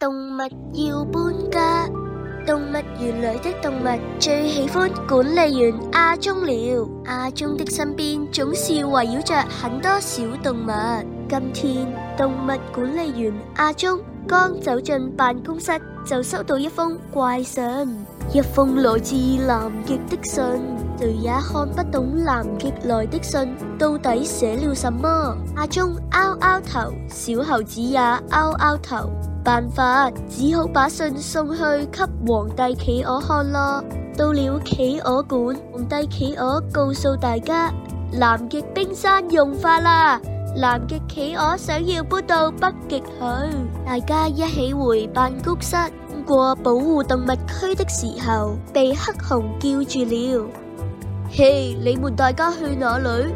動物要搬家，動物園裏的動物最喜歡管理員阿忠了。阿忠的身邊總是圍繞着很多小動物。今天動物管理員阿忠剛走進辦公室，就收到一封怪信，一封來自南極的信，誰也看不懂南極來的信到底寫了什麼。阿忠撓撓頭，小猴子也撓撓頭，辦法只好把信送去給皇帝企鵝看咯。到了企鵝館，皇帝企鵝告訴大家，南極冰山融化啦。南極企鵝想要搬到北極去，大家一起回辦公室。過保護動物區的時候，被黑熊叫住了。嘿，你們大家去哪裡？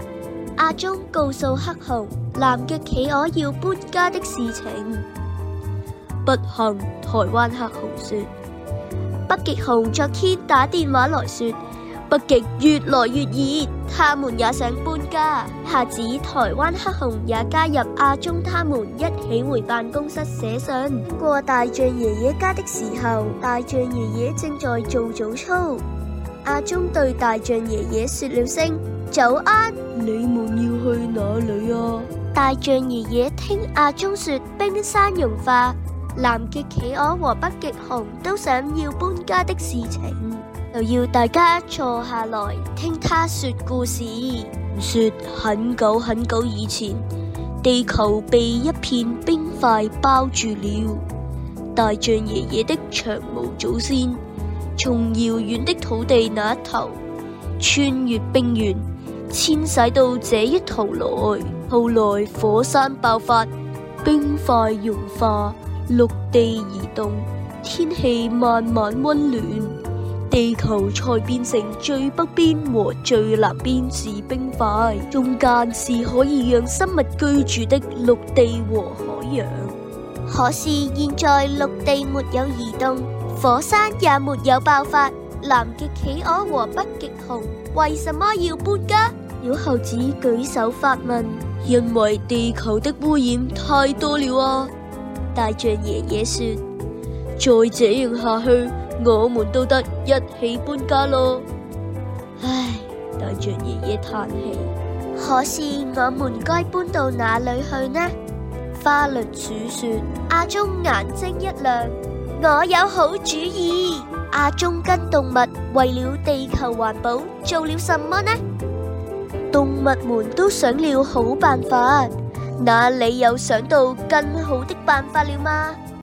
阿忠告訴黑熊，南極企鵝要搬家的事情。不幸，台灣黑熊說，北極熊昨天打電話來說。北極越來越熱，他們也想搬家。一下子，台灣黑熊也加入阿忠，他們一起回辦公室寫信。經過大象爺爺家的時候，大象爺爺正在做早操。阿忠對大象爺爺說了聲早安。你們要去哪裡啊？大象爺爺聽阿忠說，冰山融化，南極企鵝和北極熊都想要搬家的事情。就要大家坐下來聽他說故事。說很久很久以前，地球被一片冰塊包住了。大象爺爺的長毛祖先，從遙遠的土地那一頭，穿越冰原，遷徙到這一頭來。後來火山爆發，冰塊融化，陸地移動，天氣慢慢溫暖。地球才變成最北邊和最南邊是冰塊，中間是可以讓生物居住的陸地和海洋。可是現在陸地沒有移動，火山也沒有爆發，南極企鵝和北極熊為什麼要搬家？小猴子舉手發問：因為地球的污染太多了啊！大象爺爺說：再這樣下去。我們都得一起搬家咯。唉，大象爺爺嘆氣。可是我們該搬到哪裏去呢？花栗鼠說：阿忠眼睛一亮，我有好主意。阿忠跟動物為了地球環保做了什麼呢？動物們都想了好辦法，那你有想到更好的辦法了嗎？